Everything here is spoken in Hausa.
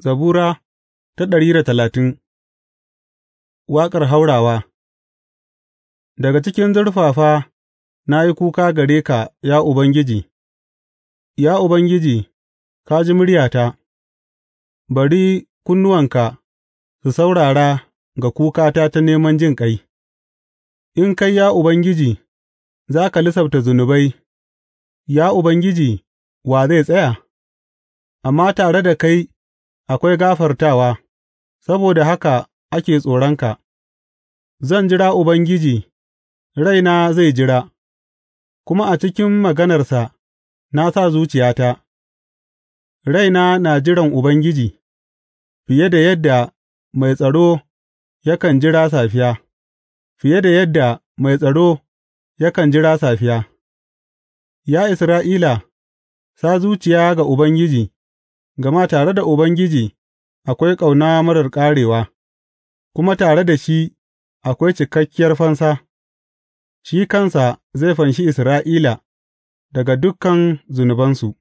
Zabura ta ɗari da talatin Waƙar haurawa Daga cikin zurfafa na yi kuka gare ka, ya Ubangiji; Ya Ubangiji, ka ji muryata, bari kunnuwanka su saurara ga kukata ta neman jin jinƙai, in kai, ya Ubangiji, za ka lissafta zunubai, ya Ubangiji, wa zai tsaya? Amma tare da kai akwai gafartawa, saboda haka ake tsoronka; zan jira Ubangiji, raina zai jira, kuma a cikin maganarsa na sa zuciyata; raina na jiran Ubangiji fiye da yadda mai tsaro yakan jira safiya, fiye da yadda mai tsaro yakan jira safiya; Ya Isra'ila, sa zuciya ga Ubangiji. Gama tare da Ubangiji akwai ƙauna marar ƙarewa, kuma tare da shi akwai cikakkiyar fansa; shi kansa zai fanshi Isra'ila daga dukan zunubansu.